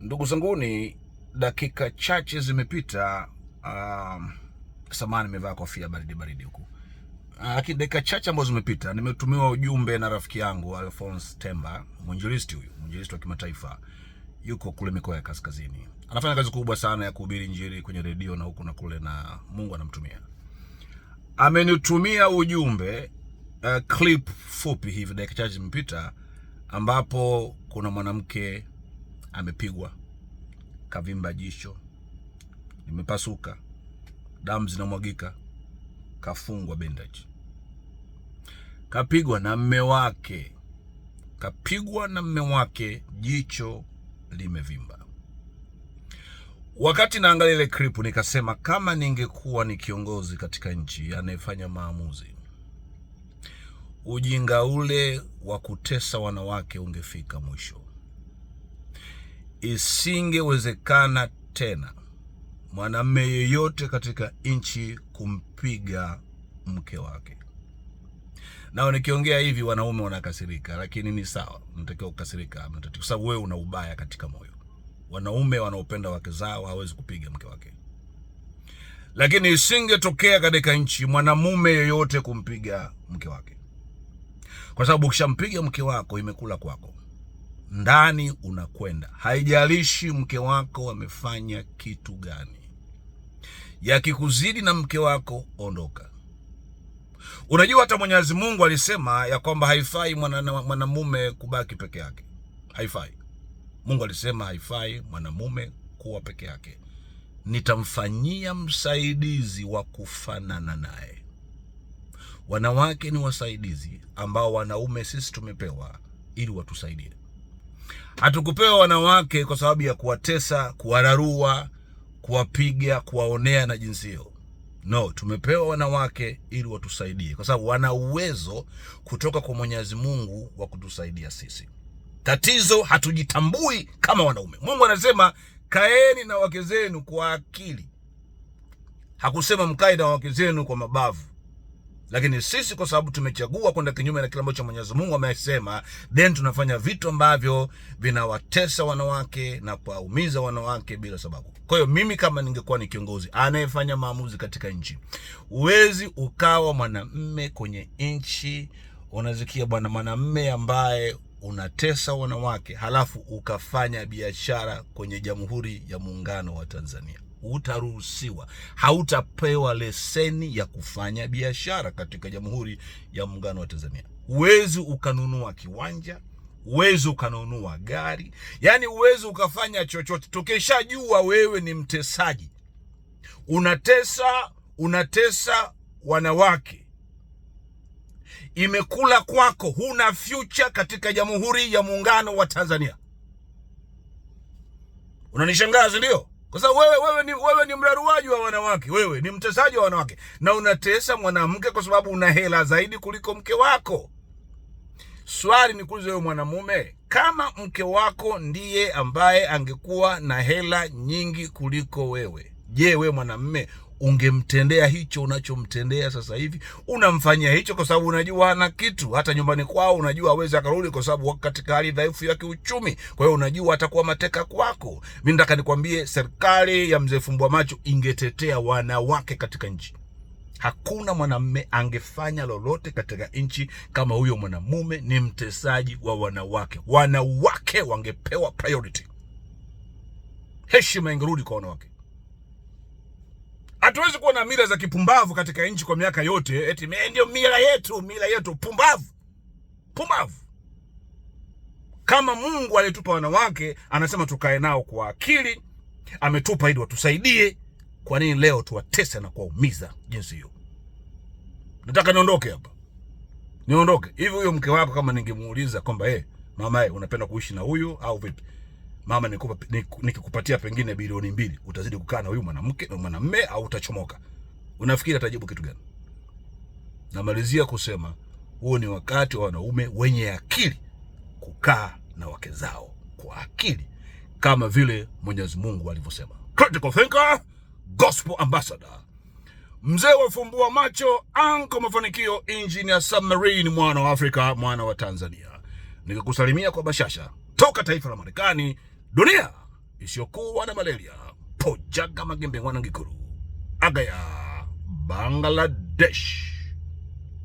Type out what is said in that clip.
Ndugu zangu, ni dakika chache zimepita. Um, samani nimevaa kofia baridi baridi huku, ah, lakini dakika chache ambazo zimepita nimetumiwa ujumbe na rafiki yangu Alphonse Temba, mwinjilisti huyu, mwinjilisti wa kimataifa, yuko kule mikoa ya kaskazini, anafanya kazi kubwa sana ya kuhubiri injili kwenye redio na huku na kule, na Mungu anamtumia. Amenitumia ujumbe uh, clip fupi hivi dakika chache zimepita, ambapo kuna mwanamke amepigwa, kavimba jicho, limepasuka, damu zinamwagika, kafungwa bendaji, kapigwa na mme wake, kapigwa na mme wake, jicho limevimba. Wakati naangalia ile clip nikasema, kama ningekuwa ni kiongozi katika nchi anayefanya maamuzi, ujinga ule wa kutesa wanawake ungefika mwisho isingewezekana tena mwanamume yeyote katika nchi kumpiga mke wake. Nao nikiongea hivi wanaume wanakasirika, lakini ni sawa, mnatakiwa kukasirika, kwa sababu wewe una ubaya katika moyo. Wanaume wanaopenda wake zao hawezi kupiga mke wake, lakini isingetokea katika nchi mwanamume yeyote kumpiga mke wake, kwa sababu ukishampiga mke wako imekula kwako ndani unakwenda. Haijalishi mke wako amefanya kitu gani, yakikuzidi na mke wako ondoka. Unajua hata Mwenyezi Mungu alisema ya kwamba haifai mwanamume kubaki peke yake, haifai. Mungu alisema haifai mwanamume kuwa peke yake, nitamfanyia msaidizi wa kufanana naye. Wanawake ni wasaidizi ambao wanaume sisi tumepewa ili watusaidie. Hatukupewa wanawake kwa sababu ya kuwatesa, kuwararua, kuwapiga, kuwaonea na jinsi hiyo. No, tumepewa wanawake ili watusaidie, kwa sababu wana uwezo kutoka kwa Mwenyezi Mungu wa kutusaidia sisi. Tatizo hatujitambui kama wanaume. Mungu anasema kaeni na wake zenu kwa akili, hakusema mkae na wake zenu kwa mabavu. Lakini sisi kwa sababu tumechagua kwenda kinyume na kile ambacho Mwenyezi Mungu amesema, then tunafanya vitu ambavyo vinawatesa wanawake na kuwaumiza wanawake bila sababu. Kwa hiyo mimi kama ningekuwa ni kiongozi anayefanya maamuzi katika nchi, huwezi ukawa mwanamme kwenye nchi unazikia bwana, mwanamme ambaye unatesa wanawake halafu ukafanya biashara kwenye Jamhuri ya Muungano wa Tanzania hutaruhusiwa, hautapewa leseni ya kufanya biashara katika Jamhuri ya Muungano wa Tanzania. Huwezi ukanunua kiwanja, huwezi ukanunua gari, yaani huwezi ukafanya chochote. Tukishajua wewe ni mtesaji, unatesa, unatesa wanawake imekula kwako, huna future katika Jamhuri ya Muungano wa Tanzania. Unanishangaza ndio? kwa sababu wewe, wewe, ni, wewe ni mraruaji wa wanawake, wewe ni mtesaji wa wanawake, na unatesa mwanamke kwa sababu una hela zaidi kuliko mke wako. Swali kuuliza wewe mwanamume, kama mke wako ndiye ambaye angekuwa na hela nyingi kuliko wewe, je, wewe mwanamume ungemtendea hicho unachomtendea sasa hivi, unamfanyia hicho kwa sababu unajua ana kitu. Hata nyumbani kwao unajua hawezi akarudi, kwa sababu wako katika hali dhaifu ya kiuchumi. Kwa hiyo unajua atakuwa mateka kwako. Mimi nataka nikwambie, serikali ya mzee fumbwa macho ingetetea wanawake katika nchi Hakuna mwanamme angefanya lolote katika nchi kama huyo mwanamume ni mtesaji wa wanawake. Wanawake wangepewa priority, heshima ingerudi kwa wanawake. Hatuwezi kuwa na mila za kipumbavu katika nchi kwa miaka yote, eti ndio mila yetu, mila yetu. Pumbavu, pumbavu. Kama Mungu alitupa wanawake, anasema tukae nao kwa akili, ametupa ili watusaidie. Kwa nini leo tuwatese na kuwaumiza jinsi hiyo? Nataka niondoke hapa, niondoke hivi. Huyo mke wako kama ningemuuliza kwamba hey, eh, mama hey, eh, unapenda kuishi na huyu au vipi? mama, nikikupatia pengine bilioni mbili, utazidi kukaa na huyu mwanamke na mwanamme au utachomoka? Unafikiri atajibu kitu gani? Namalizia kusema huo ni wakati wa wanaume wenye akili kukaa na wake zao kwa akili, kama vile Mwenyezi Mungu alivyosema. Critical thinker, gospel ambassador, mzee wa fumbua macho, anko mafanikio, engineer submarine, mwana wa Afrika, mwana wa Tanzania, nikikusalimia kwa bashasha toka taifa la Marekani. dunia isiyokuwa na malaria pojaga magembengwa na ngikuru ya Bangladesh